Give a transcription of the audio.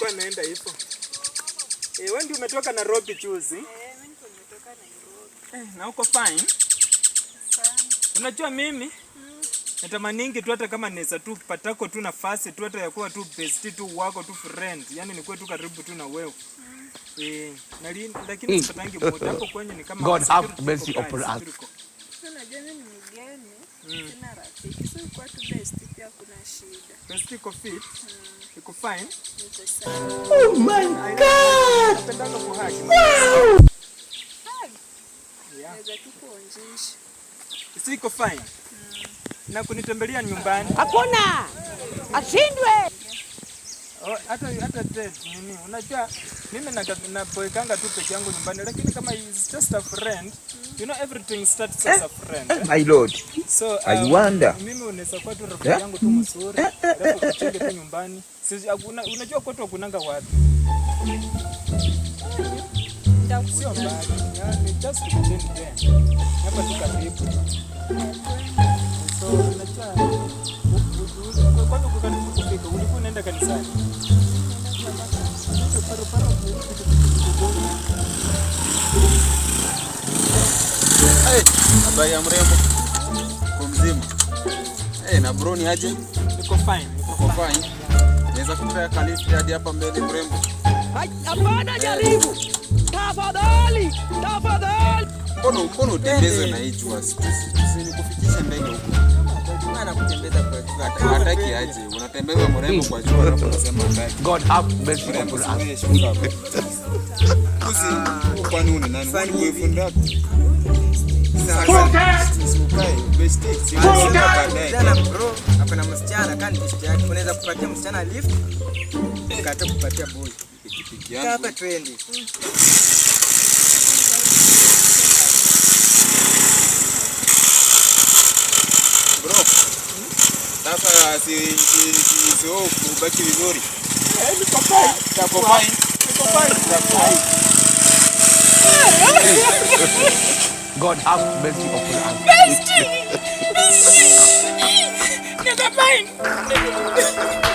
ilikuwa naenda hivyo. Eh, wewe ndio umetoka Nairobi juzi? Eh, mimi nimetoka Nairobi. Eh, na uko fine? Fine. Unajua mimi mm. Natamaningi tu hata kama naweza tu patako tu nafasi tu hata yakuwa tu best tu wako tu friend, yani nikuwe tu karibu tu na wewe. Mm. Eh, lakini mm. sipatangi moto hapo kwenye ni kama God have mercy upon us. Unajua mimi ni mgeni. Sina rafiki, kwa tu best Niko fit. Niko fine. Niko oh hmm. Na kunitembelea nyumbani. Hakuna. Ashindwe. Oh, hata hata nini? Unajua mimi napoikanga tu peke yangu nyumbani, lakini kama is just a friend You know everything starts as eh, a friend. Eh, my lord. So, I um, wonder. Mimi unaweza kuwa tu rafiki eh? yangu tu mzuri. Rafiki yangu nyumbani. Unajua kwetu kunanga wapi? Sio mbali. Just there. Hapa tu karibu. So, kwanza kwa karibu kufika. Ulikuwa unaenda kanisani. Eh, habari ya mrembo, uko mzima? Eh, na bro aje? Niko fine, niko fine. Naweza kupea kalifi hadi hapa mbele mrembo? Hapana, eh. jaribu. Tafadhali, tafadhali. Mbona mbona utembeze na hii jua? Usinikufikishe mbele huko. Maana kutembeza ah. wewe fundapo? Kuna msichana kani gift yake, unaweza kupatia msichana lift, vizuri, niko God have mercy upon us. Bestie! Never mind.